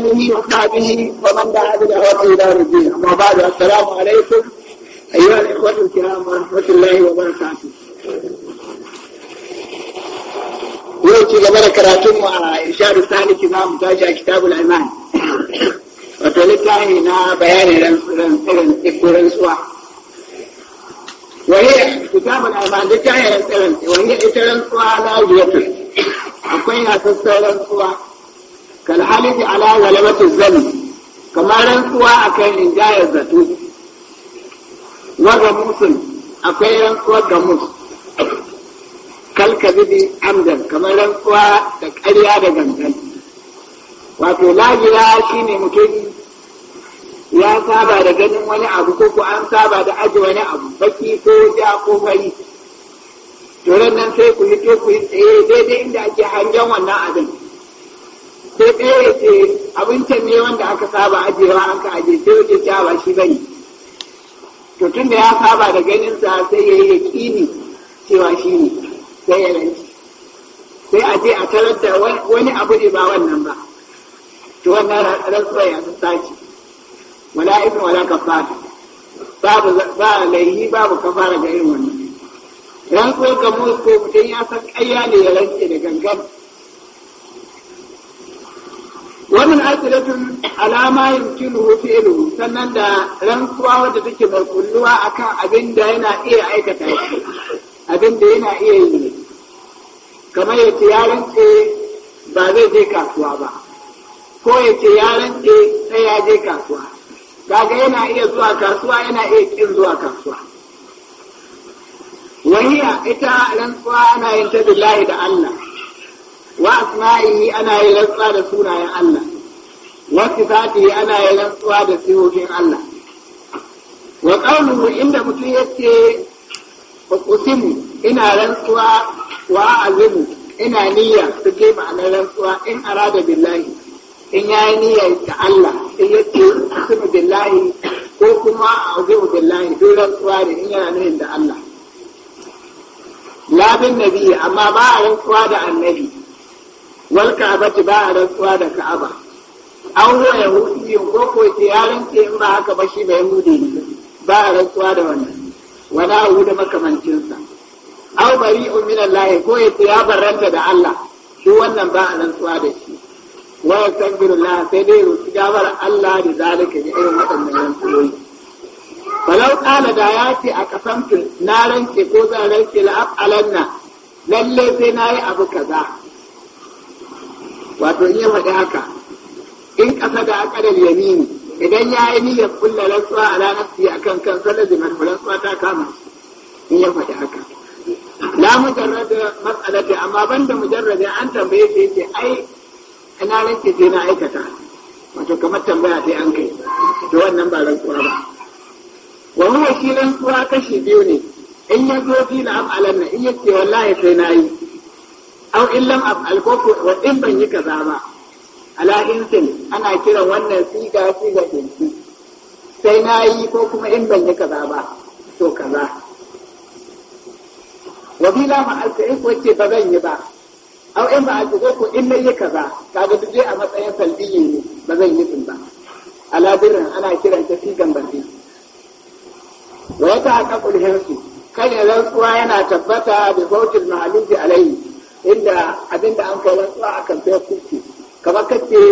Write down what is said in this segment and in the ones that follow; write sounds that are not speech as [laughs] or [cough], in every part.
بأمره وكتابه ومن دعا بدعوته إلى ربنا أما بعد السلام عليكم أيها الإخوة الكرام ورحمة الله وبركاته يوتي لبرا كراتم إرشاد الثاني كمام تاجع كتاب الأيمان وتلتاني نا بيان رنسلن وهي كتاب الأيمان دجاه رنسلن وهي إترنسوا على وجهة أكوين أتسترنسوا kalhalifi ala walamatu zanni kamar rantsuwa akan rinjayar zato wa musul akwai rantsuwa ga musul kalkazibi amdan kamar rantsuwa da ƙarya da gangan wato lagira shi ne mutum ya saba da ganin wani abu ko ko an saba da aji wani abu baki ko ja ko fari to nan sai ku yi ku yi tsaye daidai inda ake hangen wannan abin sai ɗaya ya ce abincin ne wanda aka saba ajewa an ka aje sai wajen cewa ba shi bane to tun da ya saba da ganinsa sai ya yi kini cewa shi ne sai ya rance. sai a je a tarar da wani abu ne ba wannan ba to wannan rantsuwa ya su sace wala ibn wala kafara babu ba laihi babu kafara ga irin wannan rantsuwa ga mu ko mutum ya san ƙayya ne ya rantse da gangan ومن أسئلة على ما يمكنه sannan da rantsuwa wadda take mai kulluwa akan abin da yana iya aikata abin da yana iya yi kamar ya ce ya ba zai je kasuwa ba ko ya ce ya rantse sai ya je kasuwa kaga yana iya zuwa kasuwa yana iya kin zuwa kasuwa wahiya ita rantsuwa ana yin ta billahi da Allah wa asma'ihi ana yi rantsuwa da sunayen Allah wa sifatihi ana yi rantsuwa da sifofin Allah wa qawluhu inda mutum yake usimu ina rantsuwa wa azimu ina niyya su je ma'anar rantsuwa in arada billahi in yi niyya ta Allah in yake usimu billahi ko kuma azimu billahi duk rantsuwa ne in yana nufin da Allah labin nabi amma ba a rantsuwa da annabi wal ba a rantsuwa da ka'aba an huwa yahudiyin yin koko ce yaran ce in ba haka ba shi ba yahudi ne ba a rantsuwa da wannan Wani abu da makamancinsa aw bari'un min Allah ko ya ce ya barranta da Allah shi wannan ba a rantsuwa da shi wa yastaghfirullah sai dai roki gabar Allah da zalika ne irin waɗannan rantsuwoyi falau qala da ya ce a kasantu na rance ko zan rance la'alanna lalle sai na yi abu kaza wato in ya faɗi haka in ƙasa da da yamini idan ya yi niyyar kulla rantsuwa a ranar siya a kan kansa lazimin rantsuwa ta kama in ya faɗi haka la mujarrada matsalati amma banda mujarrada an tambaye shi yake ai ina ranke sai na aikata wato kamar tambaya sai an kai to wannan ba rantsuwa ba wa huwa shi rantsuwa kashi biyu ne in ya zo fi la'am alanna in yace wallahi sai na yi au illam af'al ko wa in ban yi kaza ba ala insin ana kiran wannan siga siga dinki sai na yi ko kuma in ban yi kaza ba to kaza wa bila ma'al ta'if wacce ba zan yi ba au in ba a ko in na yi kaza kaga duk a matsayin salbiyi ne ba zan yi din ba ala birrin ana kiran ta sigan barbi wa yata aqaqul hirsi kan rantsuwa yana tabbata bi fawtil ma'lufi alayhi inda abinda an fara tsawa a kan sai kuke kamar kace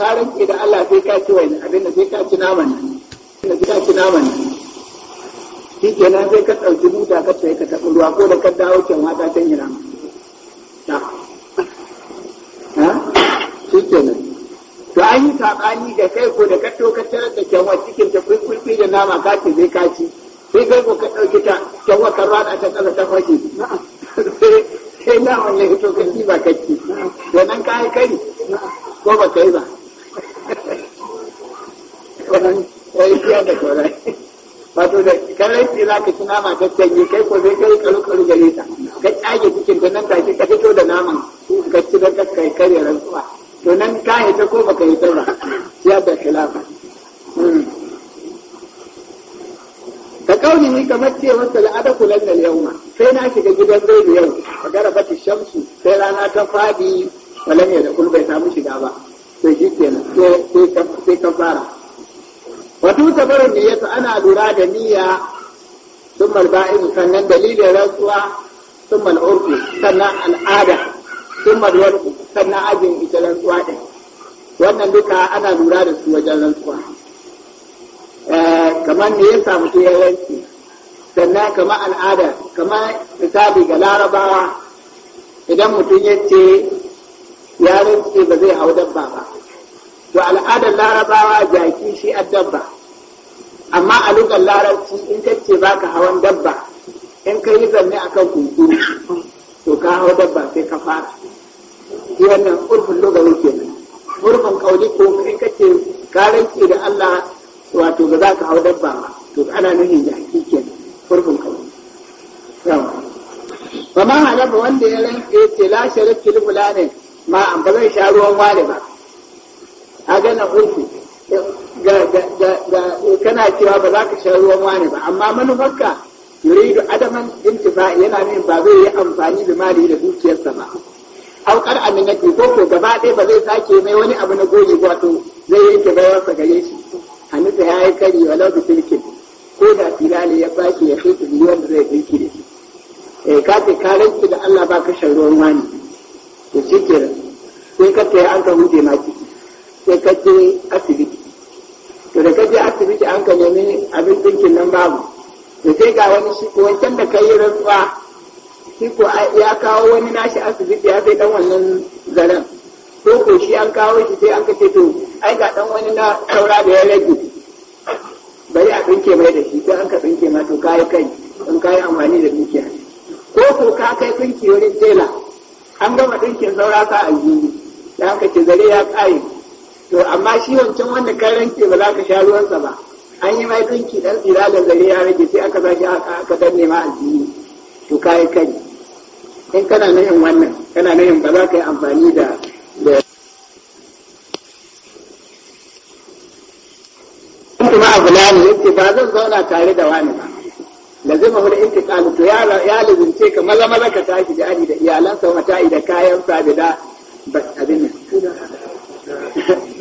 tarin rinke da Allah zai kaci wa wani abinda zai kaci naman nan abinda zai kaci naman nan shi kenan sai ka ɗauki buta ka tsaye ka taɓa ruwa ko da ka dawo can wata can yi naman shi nan to an yi saɓani da kai ko da ka to ka tarar da kyanwa cikin ta kulkulfi da nama kaci zai sai sai kai ko ka ɗauki ta kyanwa ka rana ta ƙasa ta fashe kai da wanne fito ka ci ba kacci wannan ka yi kai ko ba kai ba wannan wai fiya da korai wato da karanci za ka ci nama ta canje kai ko zai kai karu karu gare ta ka tsage cikin ta nan take ka fito da naman ka ci da kakkai karya rantsuwa to nan ka yi ta ko ba ka yi ta ba ya da khilafa ni kamar ce masa la'ada kula da yauma sai na shiga gidan zai yau a ba shamsu sai rana ta fadi falan ne da kul bai samu shiga ba sai shi kenan sai ka fara wato tabarin niyyata ana lura da niyya sun malba'in sannan dalilin rantsuwa sun mal'urfi sannan al'ada sun malwarku sannan ajin ita rantsuwa ɗin wannan duka ana lura da su wajen rantsuwa eh, kamar ne ya samu ya sannan kama al'ada kama misali ga larabawa idan mutum ya ce ya rinke ba zai hau dabba ba to al'adar larabawa jaki shi a dabba amma a lugar larabci in ka ce ba ka hawan dabba in ka yi zanne a kan kunkuru to ka hau dabba sai ka fara shi wannan urfin ke nan urfin kauli ko in ka ce ka rinke da allah wato ba za ka hau dabba ba to ana nuhin jaki kenan kurkun kawo ba ma ba wanda ya rinke ce la sharif li ma an ba zai sha ruwan wale ba a gana ga kana cewa ba za ka sha ruwan wale ba amma manufarka yuridu adaman intifa yana min ba zai yi amfani da mali da dukiyarsa ba aukar aminati ko ko gaba ɗaya ba zai sake mai wani abu na goge wato zai yanke bayarsa gare shi ta ya yi kari walau da misali ya baki ya fi su ruwan da zai ɗauki da shi eh ka ce ka rantsi da Allah ba ka shan ruwan wani to cikin sai ka ce an ka huje ma ciki sai ka je asibiti to da ka je asibiti an ka nemi abin dinkin nan babu to sai ga wani shi ko wancan da ka yi rantsuwa shi ko ya kawo wani nashi asibiti ya sai dan wannan zaren ko ko shi an kawo shi sai an ka ce to ai ga dan wani na saura da ya rage bari a tsinke mai da shi sai an ka tsinke ma to kai kai in kai amfani da dukiya ko ko ka kai tsinke wurin tela an gama tsinkin saura ka a yi da haka ke zare ya kayi to amma shi wancan wanda ka ranke ba za ka sha ruwansa ba an yi mai tsinki dan tsira da zare ya rage sai aka zaki aka danne ma aljini to kai kai in kana nayin wannan kana nayin ba za ka yi amfani da ce ba zan zauna tare da wani ba lazima hul intiqal to ya ya lazimce ka maza maza ka tashi da ali da iyalansa wa ta'i da kayan sa da bas abin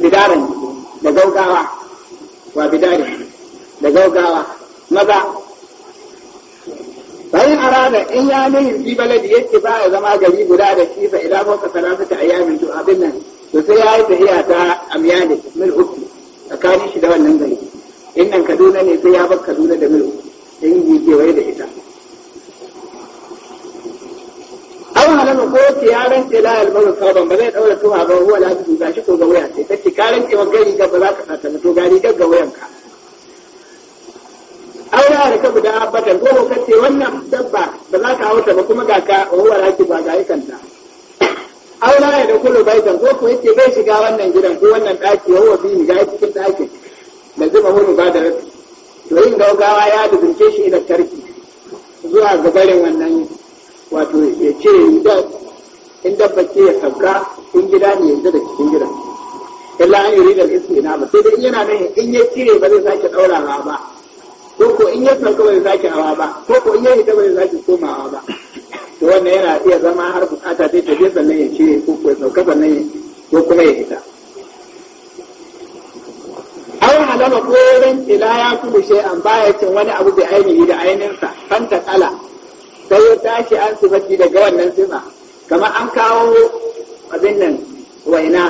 bidaran da gaugawa wa bidaran da gaugawa maza bayan arada in ya ne yi baladi yake ba ya zama gari guda da shi fa ila mota salasata ayyamin to abin nan to sai ya yi tafiya ta amyani min uku tsakanin shi da wannan gari in nan kaduna ne sai ya bar kaduna da mil in yi kewaye da ita an halama ko ce ya rance la albaru sabon ba zai daura tuwa ba huwa la su gashi ko ga waya sai kace ka rance wa gari ga ba za ka sata to gari ga ga ka aure ya ka guda abbatan ko ka ce wannan dabba ba za ka hauta ba kuma ga ka huwa la ba ga kanta aure da kullu baitan ko ko yace bai shiga wannan gidan ko wannan daki huwa bi ni ga cikin daki zuba ba da mubadara to yin gaugawa ya dubince shi da tarki zuwa ga barin wannan wato ya ce in dabba ce ya sauka, in gida ne yanzu da cikin gida illa an yuri da ismi na ba sai dai yana nan in ya cire ba zai sake daurawa ba ko ko in ya sauka ba zai sake hawa ba ko ko in ya hita ba zai sake komawa ba to wannan yana iya zama har bukata sai ta je sannan ya cire ko ko ya sauka sannan ko kuma ya hita gama koren ila ya kuma an baya cin wani abu da ainihi da ainihinsa fanta kala sai ya tashi an sifati daga wannan sifa kamar an kawo abin nan waina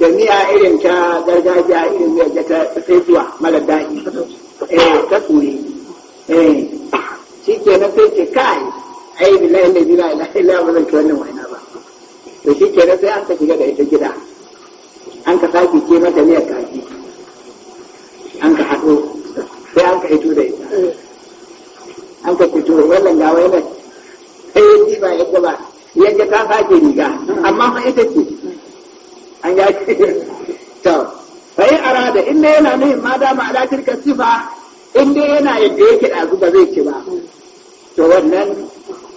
da miya irin ta gargajiya irin miya ta zuwa mara daɗi eh ta tsuri eh shi ke na sai ke kai ai bilahi ne bilahi la ilaha ba zan ci wannan waina ba to shi ke na sai an ka shiga da ita gida an ka sake ke mata miyar kaji an ka haɗo sai an ka hito da ita an ka fito wannan ga wannan sai ya ji ba ya gaba yadda ta sake riga amma fa ita ce an ya ce to sai arada in dai yana nuhin ma dama ala tilka sifa in dai yana yadda yake ɗazu ba zai ci ba to wannan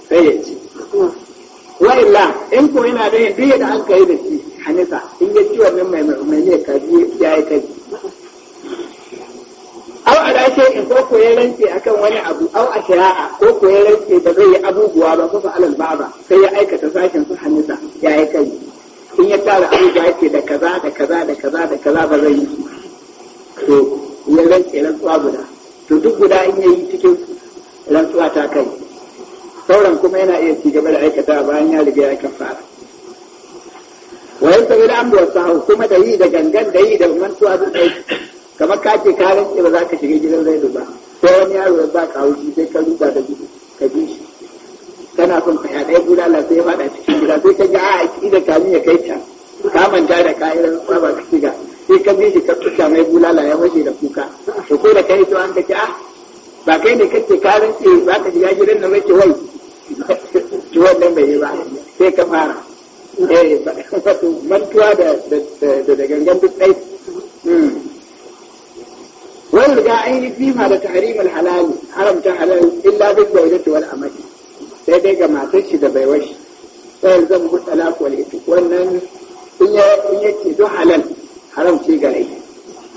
sai ya ci wa illa in ko yana da yadda da an kai da shi hanisa in ya ci wannan mai mai mai kaji ya yi ce in ko ko ya rance akan wani abu au a shari'a ko ko rance da zai yi abubuwa ba kusa alal ba, sai ya aikata sashen su hannunsa ya yi kai in ya tara abubuwa yake da kaza da kaza da kaza da kaza ba zai yi to ya rance rantsuwa guda to duk guda in ya yi cikin rantsuwa ta kai sauran kuma yana iya ci gaba da aikata bayan ya riga ya fara, wa yanzu bil amri was sahu kuma da yi da gangan da yi da mantuwa duk kamar ka ce ka rantse ba za ka shiga gidan zaidu ba sai wani yaro ya ba ka haushi sai ka ruga da gudu ka bi shi kana son ka yaɗa bulala sai ya faɗa cikin gida sai ka ji a aki da kamin ya kai ta ka manta da kayan ba ka shiga sai ka bi shi ka tuka mai bulala ya fashe da kuka to ko da yi to an ka ce a ba kai ne kace ka rantse za ka shiga gidan nan rake wai to wannan bai yi ba sai ka fara eh [laughs] mantuwa da da gangan duk ɗai hmm. riga aini fima da al halal haramta halal illa bi zawjati wal amali sai dai ga matar shi da baiwar shi sai zan bu talaq wal itiq wannan in ya in yake do halal haram ce gare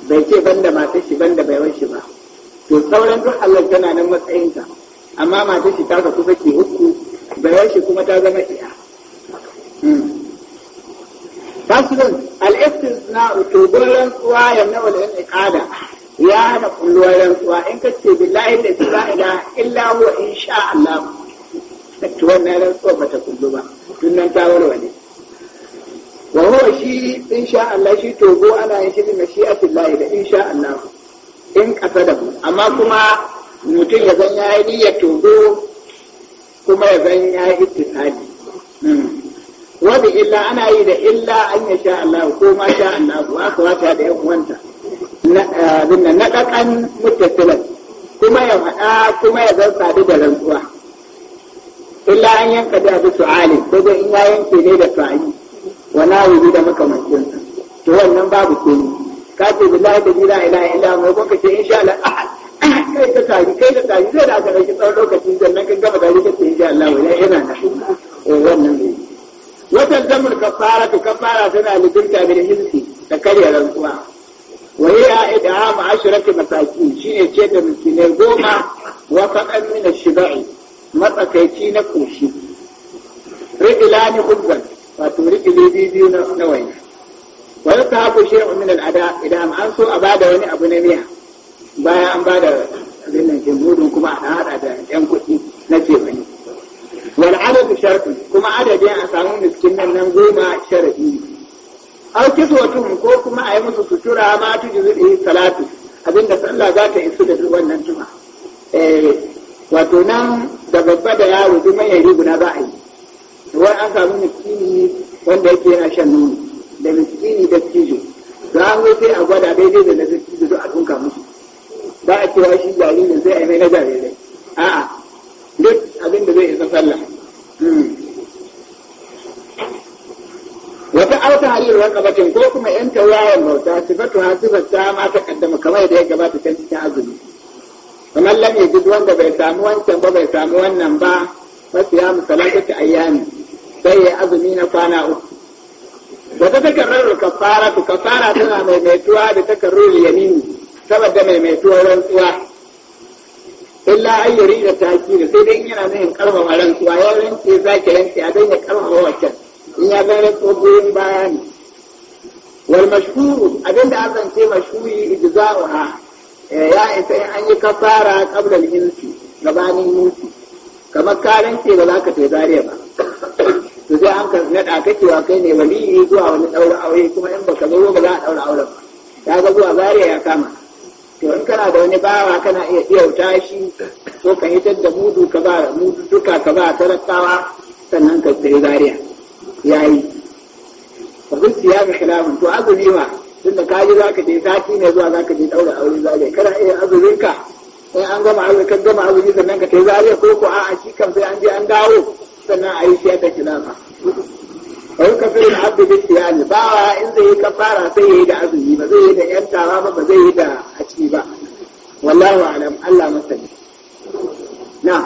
bai ce banda matar shi banda baiwar shi ba to sauran duk halal tana nan ta amma matar shi ta kuma ke uku baiwa shi kuma ta zama iya hmm. fasilin al'istis na utugun rantsuwa ya na 'yan ikada ya hana kulluwar rantsuwa in ka ce billahi da la ilaha illa huwa in sha Allah to wannan rantsuwa bata kullu ba tunan ta warware wa huwa shi in sha Allah shi togo ana yin shi bi mashi'atillahi da in sha Allah in ƙasa da mu amma kuma mutum ya zan yayi ya togo kuma ya zan yayi ita hmm. wa Wani illa ana yi da illa an ya sha Allah ko ma sha Allah ko aka wata da yan uwanta na eh, ɗaƙan mutasilan kuma ya faɗa kuma ya zan sadu da rantsuwa illa an yanka da su su'ali ko dai in ya yanke ne da su'ali wa na wuri da makamancinsa to wannan babu komi ka ce billahi da jira ila ila mai kuka ce insha Allah ah, ah, kai ta tari kai ta tari zai da aka ɗauki tsawon lokaci sannan kan gama gari ka ce insha Allah wala yana da eh, wannan ne wata zamul kafara ta kafara tana libirta bil hilsi da karya rantsuwa wa hiya id'am asharati shine ce da goma wa faqan min ash matsakaici na koshi rijlani khubban wato rijili biyu na waye wani ta haku shi min al'ada an so a bada wani abu na miya bayan an bada abin nan jimudin kuma a hada da kuɗi na cefani wal adadu sharfi kuma adadin a samu miskin nan goma sharadi aw kiswatuhum ko kuma a yi musu sutura ma tujizu bihi salatu abinda sallah za ta isu da duk wannan tuma eh, wato nan da babba da yaro duk mai riguna za a yi wa an samu miskini wanda yake yana shan nono da miskini da cijo za a yi sai a gwada daidai da na cijo da a musu ba a cewa shi jaririn sai a yi mai na jarirai a'a duk abin da zai isa sallah hmm. tahrir raqabatin ko kuma yan tawayan mauta sifatu su ta ma ta kaddama kamar yadda ya gabata can cikin azumi kamar lam duk wanda bai samu wancan ba bai samu wannan ba fa siyamu ta ayyami sai ya azumi na kwana uku da ta takarrar kafara ku kafara tana maimaituwa da takarrar yamini saboda maimaituwar rantsuwa illa an da taki da sai dai yana nuhin karfafa rantsuwa ya rantse zaki rantse a dan ya karfafa wancan ya zama tsogoyin baya ne wal mashhuru abinda an zance mashhuri ijza'uha eh, ya isa in an yi kafara qabla al-insi gabanin mutu kamar karan ce ba za ka tai zariya ba to sai an ka nada ka kai ne waliyi zuwa wani daura aure kuma in baka zo ba za a daura auren ba ya ga zuwa zariya ya kama to in kana da wani bawa kana iya iyauta shi ko ka hitar da mudu ka ba mudu duka ka ba talakawa sannan ka tai zariya yayi yi abin siya ga to azumi ma tunda ka yi zaka ka je sati ne zuwa zaka ka je ɗaura aure ka kana iya azumin ka in an gama azumi kan gama azumi sannan ka ta zariya ko ko a'a shi kan sai an je an dawo sannan a yi siya da abu da kafirin abdu bi ba in zai yi kafara sai ya yi da azumi ba zai yi da yan tawa ba ba zai yi da aci ba wallahu alam Allah masani na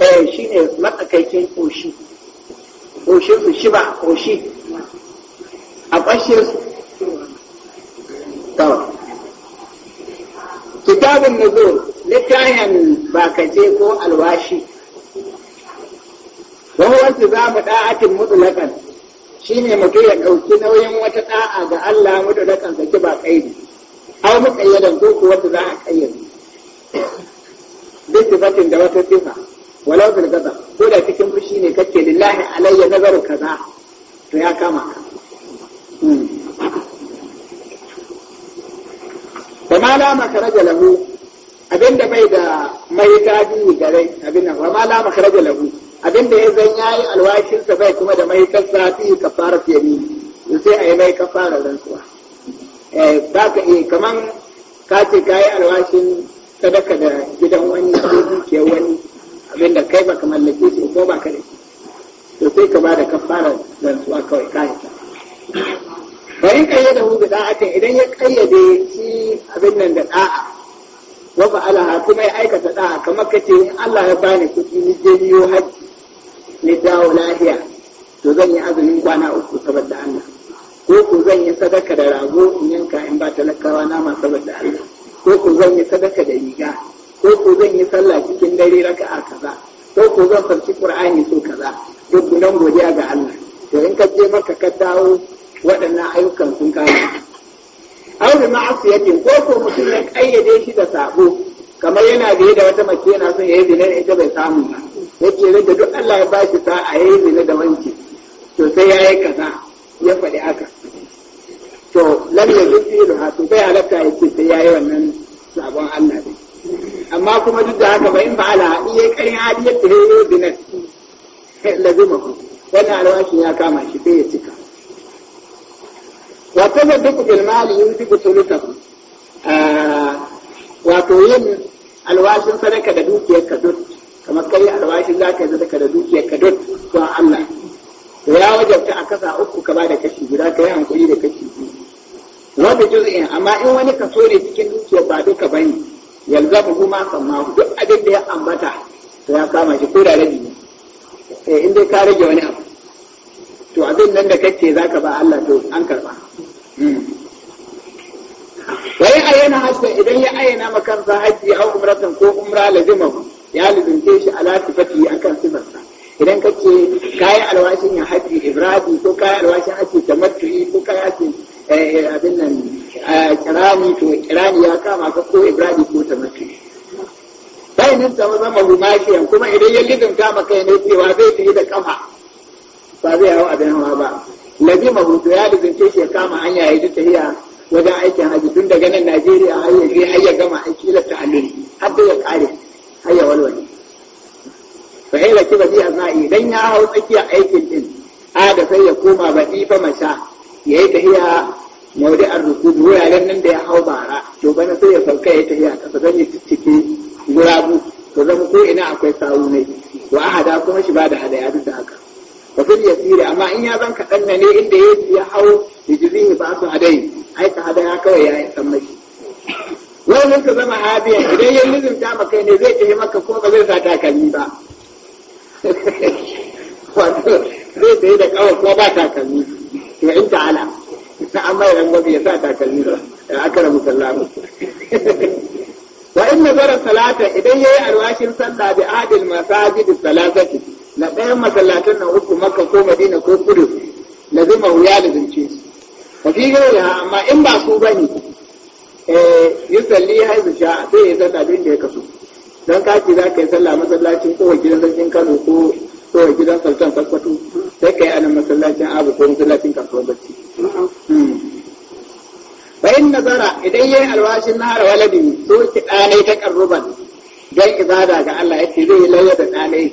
eh shi ne matsakaikin ƙoshi ƙoshin su shi ba ƙoshi a ƙwashe su na zo littafin bakace ko alwashi wahuwarsu za mu da'atin mutulakan shi ne mutum ya ɗauki nauyin wata ɗa'a ga Allah mutulakan saki ba ne. au muƙayyadan ko kuwa za a ƙayyade bai ki zafin da wata sifa walau bil gaza ko da cikin fushi ne kake lillahi alayya nazaru kaza to ya kama ka hmm. wa ma la makaraja lahu abinda bai da mai gadi gare abinda wa ma la makaraja lahu abinda ya zan yayi alwashin sa bai kuma da mai kasa fi kafara fi yamin sai a yi mai kafara rantsuwa eh ba ka kaman ka ce kayi alwashin sadaka da gidan wani ko dukiyar wani abin da kai baka mallake su ko baka da shi to sai ka bada kafara rantsuwa kawai kai ta bari kayyada hu da da'atin idan ya kayyade shi abin nan da da'a wa ha kuma ya aikata da'a kamar kace in Allah ya bani kuɗi ni je niyo haji ni dawo lafiya to zan yi azumin kwana uku saboda Allah ko ko zan yi sadaka da rago in yanka in ba talakawa na ma saboda Allah ko ko zan yi sadaka da riga ko ko zan yi sallah cikin dare a kaza ko ko zan farci qur'ani so kaza duk nan godiya ga Allah to in ka je maka ka dawo waɗannan ayyukan sun kama aw da ma'asiyatin ko ko mutum ya kayyade shi da sabo kamar yana da da wata mace yana son ya yi zina da ita bai samu ba yake da duk Allah ya ba shi sa'a ya yi zina da wanki to sai ya yi kaza ya faɗi aka. to lam yajid fi'luha to bai alaka yake sai yayi wannan sabon Allah ne amma kuma duk da haka bayin ba ala in yayi karin hali ya tare da nafsi lazima ku wannan alwashin ya kama shi bai ya cika wa duk bil mali yunfiqu thuluthahu wato yin alwashin sadaka da dukiyar ka duk kamar kai alwashin za ka yi sadaka da dukiyar ka duk to Allah to ya wajabta a kasa uku ka ba da kashi guda ka yi hankuli da kashi wanda juz'in amma in wani kaso ne cikin dukiya ba duka bane yalzamu huma samma duk abin da ya ambata to ya kama shi ko da rabi ne eh inda ka rage wani abu to abin nan da kake zaka ba Allah to an karba hmm. wai ayyana hajji idan ya ayyana makansa hajji au umratan ko umra lazimahu ya lubince shi ala sifati akan sifarsa idan kake kayi alwashin ya hajji ibrahim ko kayi alwashin hajji tamattu'i ko kayi hajji Eh, abin nan kirani to kirani ya kama ka ko Ibrahim ko tamatu bai nan ta zama rumakiyan kuma idan ya lidin kama kai ne cewa zai tafi da kafa ba zai hau abin hawa ba labi mahutu ya lizince shi ya kama hanya ya ta tafiya wajen aikin haji tun daga nan najeriya har ya je har ya gama aiki da ta'alluli har da ya kare har ya walwale fa ila kiba biya za'i dan ya hau tsakiya aikin din a da sai ya koma ba fa masha ya yi tahiya mawadi an rukudu wuraren nan da ya hau bara to bana sai ya sauka ya tahiya kasa zan yi cikin gurabu to zama ko ina akwai sawu ne wa ahada kuma shi ba da hadaya duk da haka zan fil yasiri amma in ya zan kaɗan na ne inda ya ya hau yajrihi ba su hadai ai ta hadaya kawai ya yi san mashi mun ka zama habiya idan ya yi ta maka ne zai tafi maka ko ba zai sa takalmi ba [laughs] wato zai tafi da kawai ko ba takalmi ya in ta'ala amma ya rangwabi ya sa takalmi da akara musallamu wa in nazara salata idan yayi alwashin sallah bi adil masajid salatati na ɗayan masallatan na uku makka ko madina ko kudu lazima ya lazimce su fi amma in ba su bane eh yusalli haizu sha sai ya zata abin da ya kaso dan kaci za ka yi sallah masallacin kowa gidan sarkin Kano ko kowa gidan abu ko masallacin kasuwar bacci bayan nazara idan yayin alwashin na waladin so ki ɗanai ta karruban don ibada ga Allah ya ce zai yi lauya da ɗanai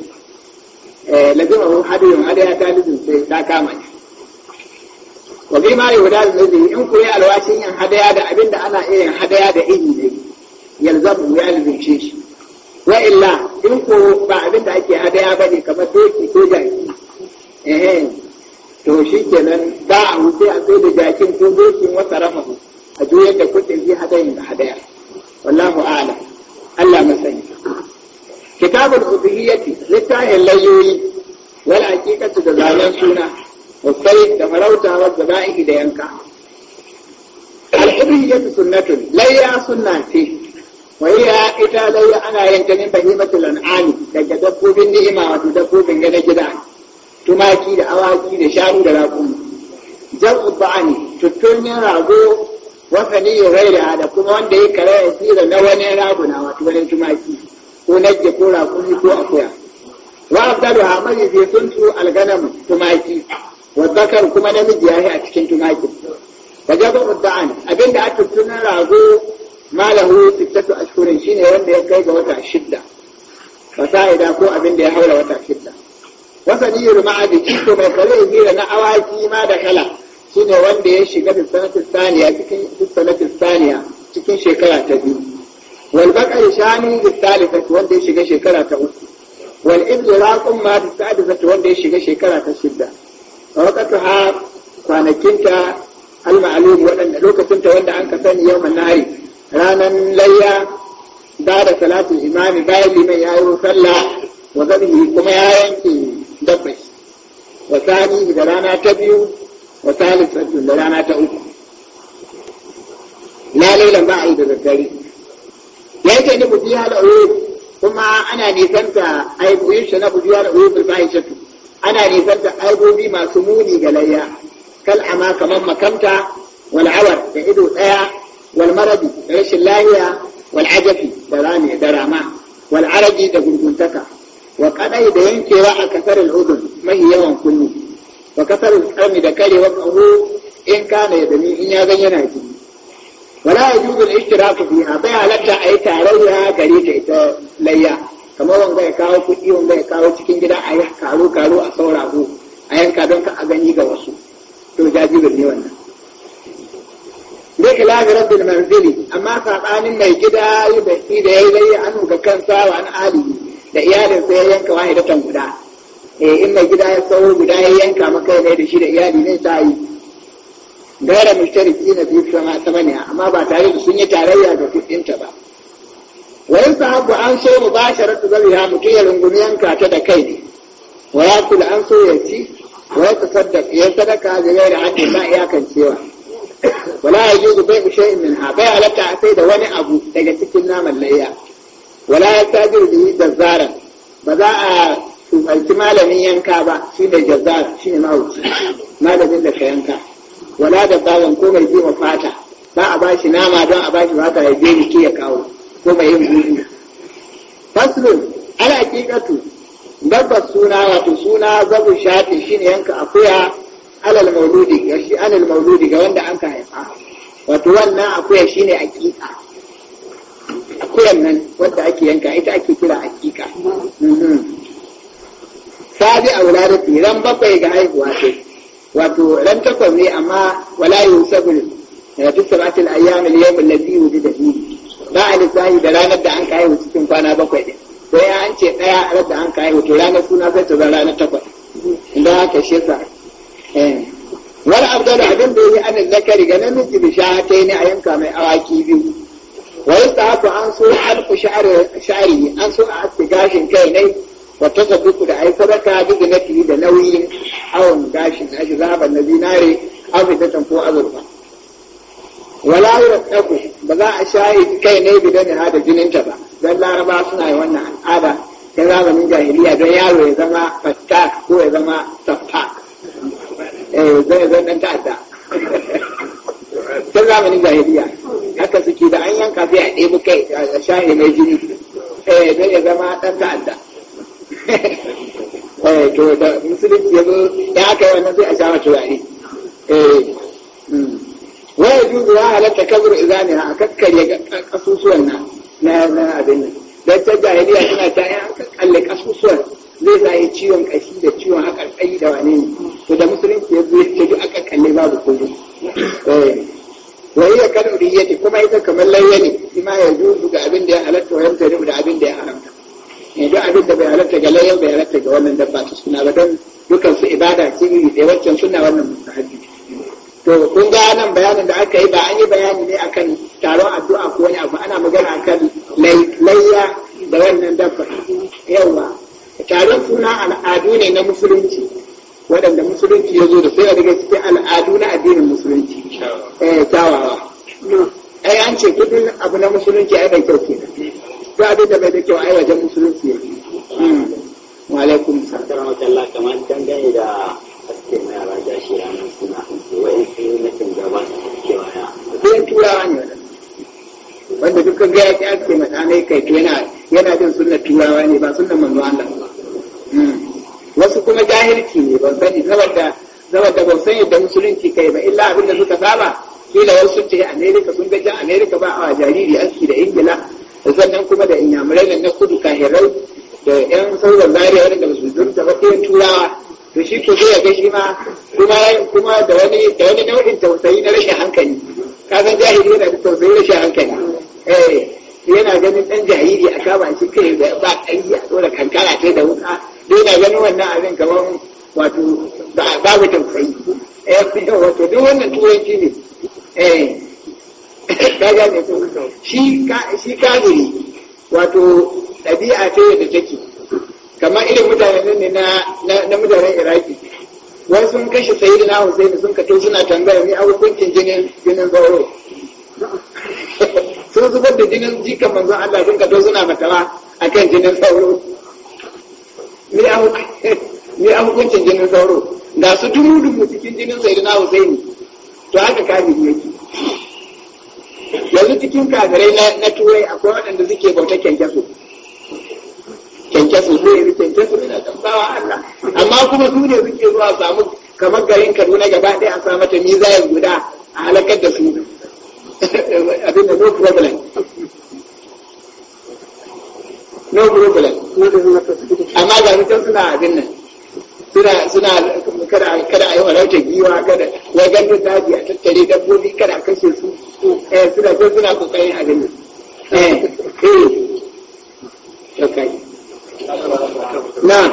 eh, lazima hun hadiyun hadiya ta lizin sai ta kama ni. wa bi ma yuda da nazi in ku yi alwashin yin hadaya da abin da ana iya yin hadaya da iri ne yalzamu ya lizince shi wa illa in ko ba abin da ake hadaya ne kamar doki ko jaki to shi kenan ba a wuce a da jakin ko dokin wata rafahu a juyar da kudin fi hadayin da hadaya wallahu ala, Allah masani kitabul ubuhiyyati littafin layoyi wal haqiqatu da zanen suna wasai da farauta wa zaba'i da yanka al ubuhiyyatu sunnatun layya sunna ce wayya ita layya ana yanka ni bahimatul an'ami daga dabbobin ni'ima wato dabbobin gane gida tumaki da awaki da shanu da raƙumi jam'u uba'ani tuttumin rago wata ne ya raira da kuma wanda ya kare ya tsira na wani raguna wato wani tumaki ko nage ko raƙumi ko akuya wa abdalu hamari zai tuntu alganam tumaki wa zakar kuma namiji ya a cikin tumaki wa jam'u ba'ani abinda aka tunan rago malahu sittatu ashkurin shine wanda ya kai ga wata shidda fasa'ida ko abinda ya haura wata shidda wasaniyar ma'adi kito mai kare hira na awaki ma da kala shine wanda ya shiga fissanatin saniya cikin fissanatin saniya cikin shekara ta biyu wal bakar shani bisalita wanda ya shiga shekara ta uku wal ibnu raqum ma bisadisa wanda ya shiga shekara ta shidda waqatu ha kwanakinta al ma'lum wadanda lokacin ta wanda an ka sani yawman nahari ranan layya da da salatul imami bayan liman yayi sallah wa zabihi kuma ya yanke bakwai wa sani da rana ta biyu wa salisatu da rana ta uku lalai lamba ba a yi da daddare ya yake ni buji da uyu kuma ana nisanta aibuyin shi na bujiya da uyu bil fahishatu ana nisanta aibobi masu muni ga layya kal ama kaman makamta wal'awar da ido daya wal maradi da rashin lahiya wal ajafi da rama da gurguntaka wa kadai da yankewa a kasar al'udun mai yawan kullu wa kasar al'ami da kare wa kahu in kana ya dami in ya gan yana ji wala ya juzul ishtiraku fiha bai halatta a yi tarayya gare ta ita layya kamar wanga ya kawo kuɗi wanda ya kawo cikin gida a yi karo karo a saurago a yanka don ka a gani ga wasu to jajibir ne wannan bai ilahi rabbil manzili amma sabanin mai gida yi basi da ya yi layya an ga kan wa an alihi da iyalin sai ya yanka wani da guda eh in mai gida ya sauro guda ya yanka maka ne da shi da iyali ne ta yi gaira mushtariki na biyu kuma samaniya amma ba tare da sun yi tarayya da kuɗinta ba wa sahabu an so mu ba shi rasa ha mutum ya rungumi yanka ta da kai ne wa ya kula an so ya ci wa ya tasaddaq ya sadaka da gaira hakki ba iyakan cewa wala yajuzu bai'u shay'in min ha bai halatta a sai da wani abu daga cikin naman layya wala ya tajir bihi jazzara ba za a tukarci malamin yanka ba shi ne jazzara shi ne mahauci malamin da ka yanka wala da bawan ko mai jima fata ba a bashi nama don a bashi fata ya je biki ya kawo ko mai yin gudu faslun ala hakikatu dabbar suna wato suna zabu shafi shine yanka akuya alal mauludi ga shi alal mauludi ga wanda an ka haifa wato wannan akuya shine aƙiƙa. akuyan nan wadda ake yanka ita ake kira hakika mhm. sabi a wuladati ran bakwai ga haihuwa ce wato ran takwas ne amma wala yusabu eh, fi sabatil yau al yawm alladhi da fihi ba a lissahi da ranar da an kai cikin kwana bakwai ɗin, sai an ce daya ranar da an kai wuce ranar suna sai ta ranar takwas idan aka shesa eh. Wani abu da abin da ya yi an zakari ga namiji ta shahatai ne a yanka mai awaki biyu wai ta haka an so alku sha'ari an so a haske gashin kai ne wa ta duku da ai sadaka duk na fili da nauyin awon gashin ashi zaban na zinare afidatan ko azurfa wala ya ba za a shayi kai ne bidan ya da jininta ba dan laraba suna yi wannan al'ada ta zamanin jahiliya don yaro ya zama fatta ko ya zama safta eh, zai zan dan ta'adda [laughs] tun zamanin jahiliya haka suke da an yanka sai a ɗebi kai a shahi mai jini eh don ya zama ɗan ta'adda [laughs] eh to da musulunci ya zo ya aka yi wannan sai a shawar turare eh hmm. waya juzu ya halatta kabur izani a kakkarya kasusuwan na na na abin nan ta jahiliya suna ta a kalle kasusuwan zai sa yi ciwon kashi da ciwon haƙarƙari da wane ne to da musulunci ya zo ya ce duk aka kalle babu kullum eh kaluriyati kuma ita kamar layya ne shi ya zuzu ga abin da ya halatta wa saba da wasu ce amerika sun gajen amerika ba a jariri aski da ingila sannan kuma da inyamurai na kudu kahirai da yan sauran zariya wadanda ba su zurta ba irin turawa to shi ko zai gashi ma kuma da wani nau'in tausayi na rashin hankali ka san jahili yana da tausayi rashin hankali eh yana ganin dan jahili a kama shi kai da ba kai a dora kankara kai da wuka dai yana ganin wannan abin kamar wato babu tausayi eh fito wato duk wannan turanci ne eh ka gane shi ka shi wato ɗabi'a ce da take kamar irin mutanen ne na na Iraki wai sun kashe sayyidina Hussein sun kato suna tambaya ni a hukuncin jinin jinin [laughs] sun zubar da jinin jikan manzon Allah sun kato suna matawa akan jinin sauro ni a ne a hukuncin jinin sauro ga su dubu dubu cikin jinin sai na husaini to haka kafin yake yanzu cikin kafirai na turai akwai waɗanda suke bauta kyankyaso kyankyaso zai yi kyankyaso yana tambawa Allah amma kuma su ne suke zuwa samu kamar garin Kaduna gaba ɗaya a sa mata guda a halakar da su [laughs] abin da no problem no problem amma ga mutum suna abin nan suna suna kada kada a yi walauta giwa kada ya gandun daji a tattare dabbobi kada a kashe su eh suna sai suna kokarin a gani eh eh okay na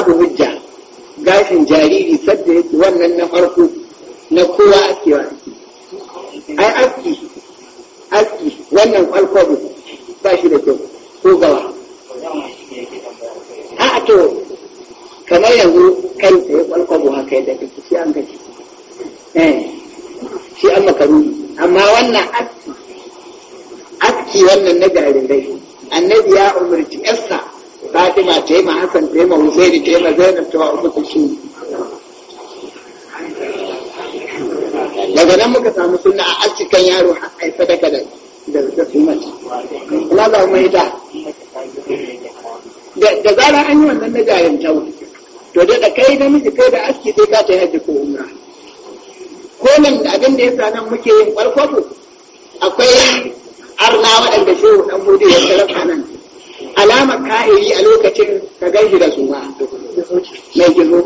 babu hujja gashin jariri sadda yake wannan na farko na kowa ake wa ai aski aski wannan kwalkwabu ba shi da kyau ko gawa a a to kamar yanzu kai tsaye kwalkwabu haka yadda ta shi an gaji eh, shi an makaruni amma wannan aski aski wannan na jarirai annabi ya umarci yarsa fatima ta yi ma hasan ta yi ma husaini ta yi ma zainab ta wa ummu kulsum daga nan muka samu suna a acikan yaro har ai sadaka da da su mata kula za mu yi da zara an yi wannan na jarin tawo to da da kai namiji kai da aski sai ka ta yi hajji ko umra ko nan da abin da ya sa nan muke yin farko akwai arna waɗanda shehu ɗan bude ya tsarafa nan alama ka'iri a lokacin ka gan shi da suma mai gizo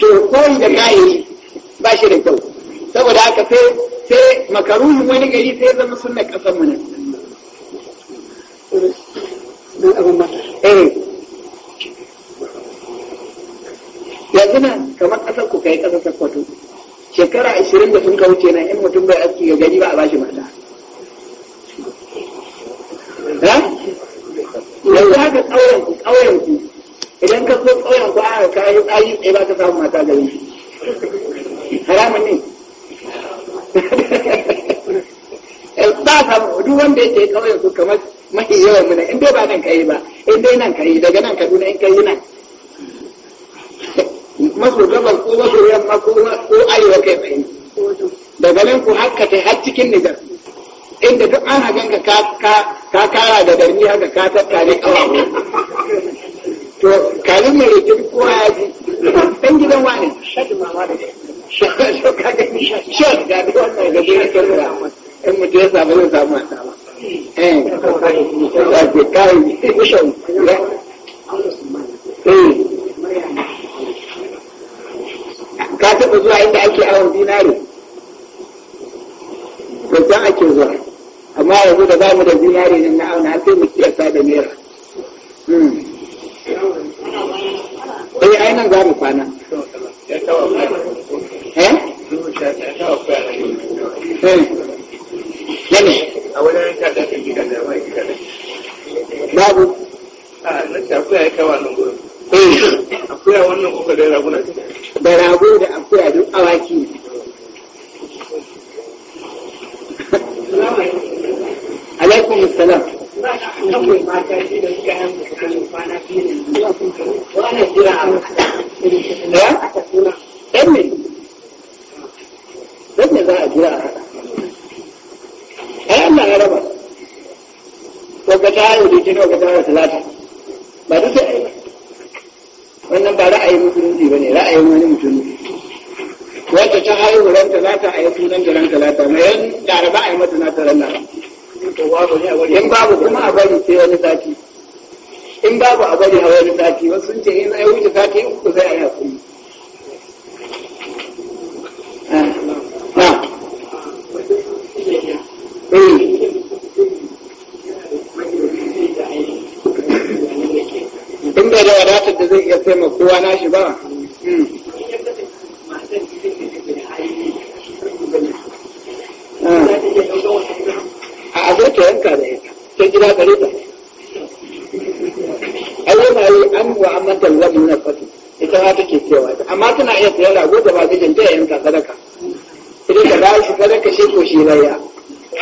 to koyi da ka'iri ba shi da kyau saboda haka sai sai makaruhin wani gari sai zama sunna kasan mu nan eh. yanzu nan kamar kasar ku kai kasar sakwato shekara ashirin da sun ka na, in mutum bai aski ga gari ba a bashi mata za ka ƙauyen ku ƙauyen ku idan ka so ƙauyen ku aka kayi tsayi ɗaya ba ka samu mata gari haramun ne eh, ba samu duk wanda yake ƙauyen ku kamar mafi yawan mu in dai ba nan kai ba in dai nan kai daga nan kaduna in kai nan maso gabas ko maso yamma ko arewa kai tsaye daga nan ku hakka har cikin nijar inda duk ana ganga ka kara da darni haka ka tattare kawo to kalin mai rikin kowa ya ji Ɗan gidan wani shaɗi mama da shaɗi ga duk ya kira in ya samu samu a sama eh ya eh. ka taɓa zuwa inda ake awon dinari to can ake zuwa amma yanzu da zamu da zinari nan na auna sai mu da naira hmm. eh, ai nan za mu kwana eh hmm. a wajen da gida da mai gida babu a ya kawo nan gurin akuya wannan kuka da da rago da akuya duk awaki akwai mata shi da suka yanzu suka yi kwana biyu ne. Wani jira a in babu kuma a bari sai wani sati in babu a bari a wani sati wasu sun ce in ai wuce sati uku sai a yi hakuri ah, ah. Eh. in bai da wadatar da zai iya taimaka kowa na shi ba gayya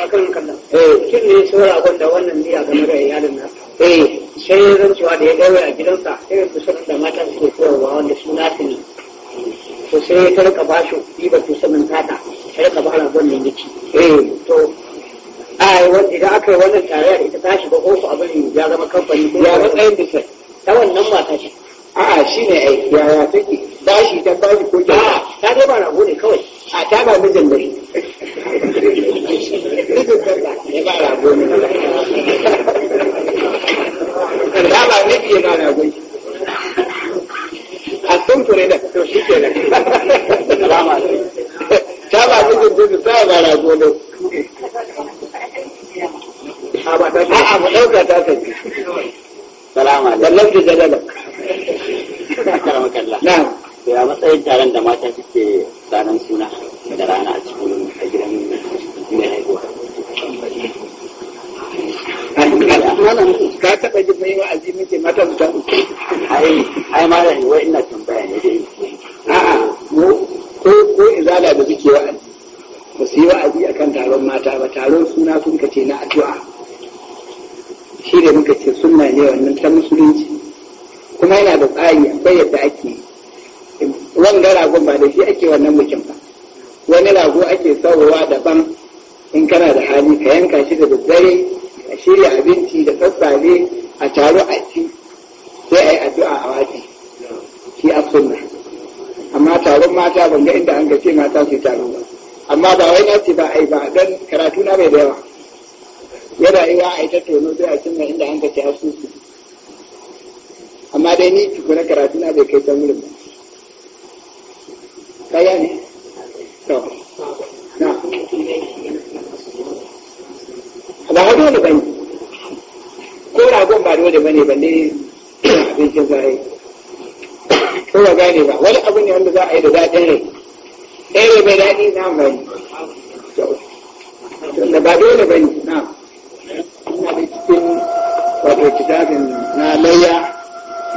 akan kallon eh kin ne saura abin wannan miya game da iyalin na eh sai ya zan cewa da ya daure a gidansa sai irin kusurin da mata suke koyarwa wanda su nasu ne to sai ya rika ba shi ɗiba kusurin tata ta rika ba rabon ne yake eh to ai idan aka yi wannan tarayya ita ta shiga ko abin ya zama kamfani ya zama ɗayan bisa ta wannan mata ce a'a shine ai yaya take bashi ta bashi ko ta ta dai ba na gode kawai a ta ba mijin shi mijin sallah ne ba rago ne ta ba miji ya ba rago a sun fure da to shi ke Salama. ta ba mijin ne ta ba rago ne a ba ta ba mu dauka ta sai salama ta wanga ragon ba da shi ake wannan mukin ba wani rago ake sauwa daban in kana da hali ka yanka shi da daddare a shirya abinci da tsatsale a taro a ci sai a yi addu'a a wace shi a sunna amma taron mata ban ga inda an ga ce mata su taro ba amma ba wai na ce ba ai ba dan karatu na bai da yawa yana yi wa a yi ta tono sai a cinna inda an ga ce har su amma dai ni tukuna karatu na bai kai san wurin ba bayani to na ba dole bane ko ragon ba dole bane balle abincin zai ko ba gane ba wani abu ne wanda za a yi da daɗin rai ɗaya ne bai daɗi na bane tunda ba dole ba bane na ina da cikin wato kitabin na layya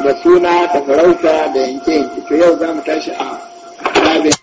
da suna da farauta da yanke yanke to yau za mu tashi a having